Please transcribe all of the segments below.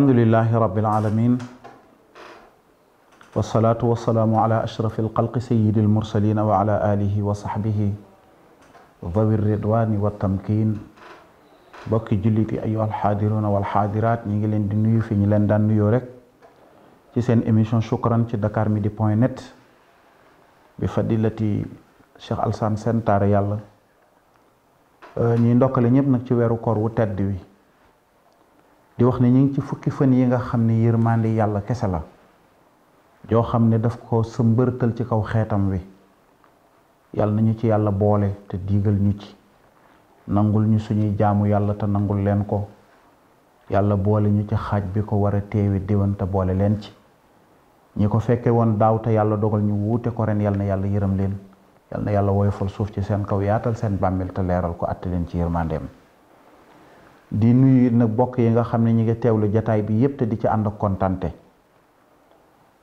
alhamdulilahi rabbil alamin wasalaatu wasalaamu ala ashrafi alxalqi sayidi almursalina wa ala alihi wa saxbihi dawi ridwani wa tamkin bokki jullit yi ayu alxaadiruna walxaadiraat ñi ngi leen di nuyu fi ñu leen daan nuyoo rek ci seen émission shukran ci dakar midi point net bi fadilati Cheikh Alassane Sène taare yàlla ñuy ndokkale ñëpp nag ci weeru koor wu tedd wi di wax ne ñu ngi ci fukki fan yi nga xam ne yërmande yàlla kese la joo xam ne daf ko sëmbërtal ci kaw xeetam wi yàlla nañu ci yàlla boole te diigal ñu ci nangul ñu suñuy jaamu yàlla te nangul leen ko yàlla boole ñu ci xaaj bi ko war a teewi diwan boole leen ci ñi ko fekkee woon daaw te yàlla dogal ñu wuute ko ren yàlla na yàlla yërëm leen yàlla na yàlla woyofal suuf ci seen kaw yaatal seen bàmmeel te leeral ko àtte leen ci yërmandeem di nuyu nag mbokk yi nga xam ne ñi ngi teewlu jataay bi yépp te di ci ànd ak kontante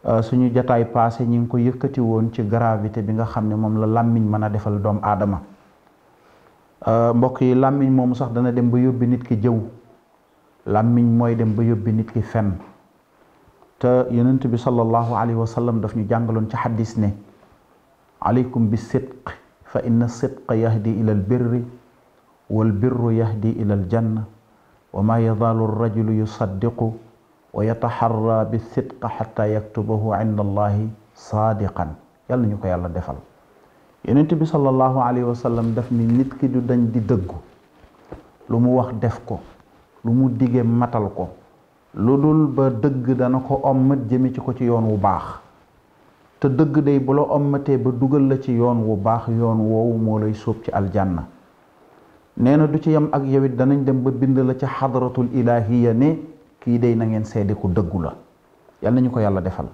euh, suñu jataay passé ñu ngi ko yëkkati woon ci gravité bi nga xam ne moom la làmmiñ mën a defal doom aadama euh, mbokk yi làmmiñ moomu sax dana dem ba yóbbi nit ki jëw làmmiñ mooy dem ba yóbbi nit ki fen te yonent bi sallallahu alayhi wa sallam daf ñu jàngaloon ci xaddis ne aleykum bi sidq fa inna sidqa yahdi ila al birri wal birru yahdi ila al janna wa maa yazaalu rajulu yusaddiqu wa yataxarra bi sidqa xata yaktubahu inda allahi saadiqan yàlla ñu ko yàlla defal yonent bi sallallahu alayhi wa sallam def mi nit ki du dañ di dëggu lu mu wax def ko lu mu dige matal ko lu dul ba dëgg dana ko ommat jëme ci ko ci yoon wu baax te dëgg day bu la ommatee ba dugal la ci yoon wu baax yoon woowu moo lay sóob ci aljanna nee na du ci yem ak yow danañ dem ba bind la ca xadratul ilahiya ne kii day nangeen ngeen seede ku dëggu la yal nañu ko yàlla defal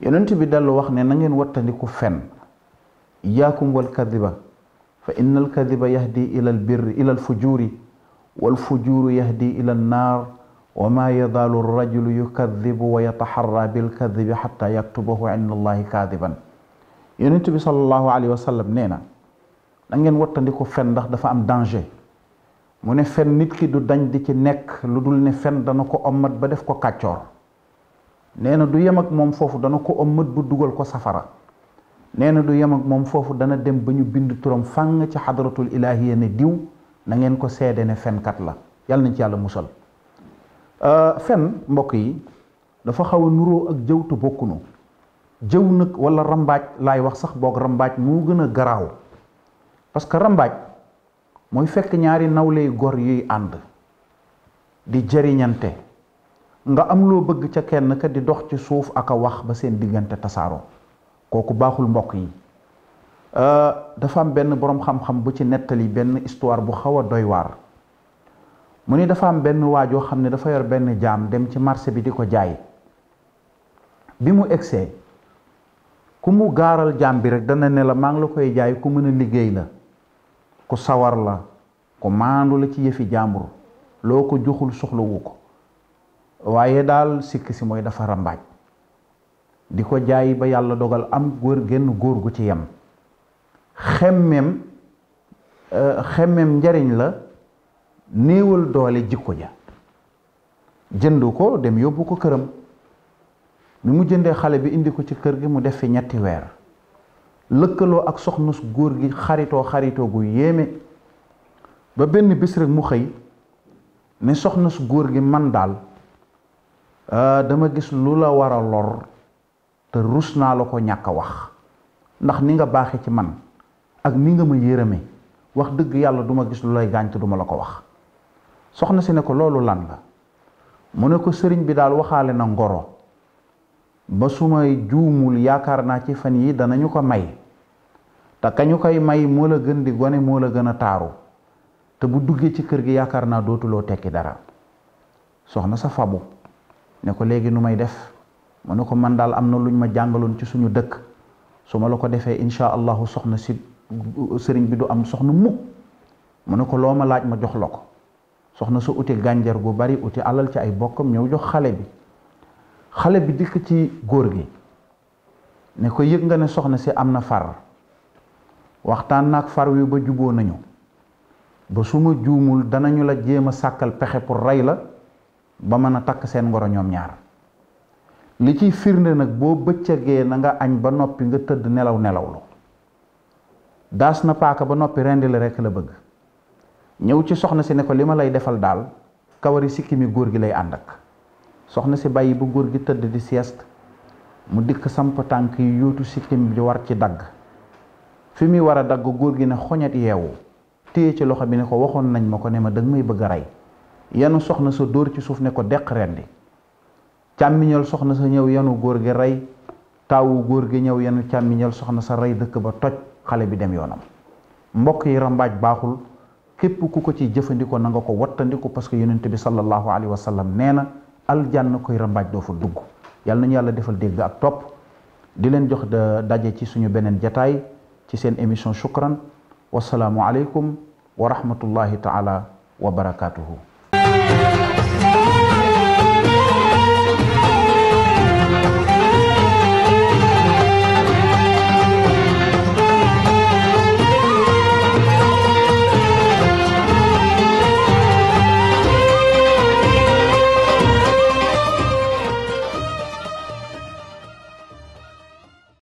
yonent bi dellu wax ne na ngeen wattandiku fen iyaakum wal kadiba fa inna al kadiba yahdi ila al birri ila al fujuri wal fujuru yahdi ila an naar wa maa yazaalu rajulu yukadibu wa yataxarra bilkadibi xata yaktubahu inda allahi kadiban alayhi wa sallam nee na nangeen ngeen fen ndax dafa am danger mu ne fen nit ki du dañ di ci nekk lu dul ne fen dana ko ommat ba def ko kàccoor nee na du yem ak moom foofu dana ko ommat bu dugal ko safara nee na du yem moom foofu dana dem ba ñu bind turam fàng ci xadaratul ilaahiya ne diw na ngeen ko seede ne fenkat la yàlla nañ ci yàlla musal euh, fen mbokk yi dafa xaw a nuroo ak jëw te bokkunu jëw nag walla rambaaj laay wax sax boog rambaaj moo gën a garaaw parce que rambaaj mooy fekk ñaari nawley góor yuy ànd di jëriñante nga am loo bëgg ca kenn ka di dox ci suuf ak wax ba seen diggante tasaaroo kooku baaxul mbokk yi euh, dafa am benn boroom xam-xam bu ci nettali benn histoire bu xaw a doy waar mu ni dafa am benn waajoo xam ne dafa yor benn jaam dem ci marché bi di ko jaay bi mu egsee ku mu gaaral jaam bi rek dana ne la maa ngi la koy jaay ku mën a liggéey la ku sawar la ku maandu la ci yëfi jàmbur loo ko joxul soxlawu ko waaye daal sikk mooy dafa rambaaj di ko jaay ba yàlla dogal am góor génn góor gu ci yem xemmem euh, xemmem njariñ la néewal doole jikko ja jënd ko dem yóbbu ko këram bi mu jëndee xale bi indi ko ci kër gi mu def fi ñetti weer lëkkaloo ak soxna su góor gi xaritoo xaritoo gu yéeme ba benn bis rek mu xëy ne soxna su góor gi man daal ah, dama gis lu la war a lor te rus naa la ko ñàkk a wax ndax ni nga baaxe ci man ak ni nga ma yërëme wax dëgg yàlla duma gis lu lay gaañ te duma la ko wax soxna si ne ko loolu lan la mu ne ko sëriñ bi daal waxaale na ngoro ba su may juumul yaakaar naa ci fan yi danañu ko may te kañu koy may moo la gën di gone moo la gën a taaru te bu duggee ci kër gi yaakaar naa dootuloo tekki dara soxna sa fabu ne ko léegi nu may def mu ne ko man daal am na luñ ma jàngaloon ci suñu dëkk su ma la ko defee insha allahu soxna si sëriñ bi du am soxna mukk mu ne ko loo ma laaj ma jox la ko soxna sa uti gànjar gu bari uti alal ci ay bokkam ñëw jox xale bi xale bi dikk ci góor gi ne ko yëg nga ne soxna si am na far waxtaan nag far wi ba juboo nañu ba su ma juumul danañu la jéem a sàkkal pexe pour rey la ba mën a takk seen ngoro ñoom ñaar li ciy firnde nag boo bëccëgee na nga añ ba noppi nga tëdd nelaw nelaw la daas na paaka ba noppi rendi la rekk la bëgg ñëw ci soxna si ne ko li ma lay defal daal kawari sikki góor gi lay àndak soxna si bàyyi bu góor gi tëdd di sieste mu dikk samp tànk yi yóotu sikkim bi war ci dagg fi muy war a dagg góor gi ne xoñet yeewu téye ci loxo bi ne ko waxoon nañ ma ko ne ma danga may bëgg a rey yanu soxna sa dóor ci suuf ne ko deq rendi càmmiñal soxna sa ñëw yanu góor gi rey taawu góor gi ñëw yanu càmmiñal soxna sa rey dëkk ba toj xale bi dem yoonam mbokk yi rambaaj baaxul képp ku ko ci jëfandikoo na nga ko wattandiku parce que yonent bi sallallahu alayhi wa sallam nee na aljanna koy rambaaj doo fa dugg yàlla nañu yàlla defal dégg ak topp di leen jox da daje ci suñu beneen jataay ci seen émission shukran wasalaamu aleykum wa rahmatullahi taala wa barakaatuhu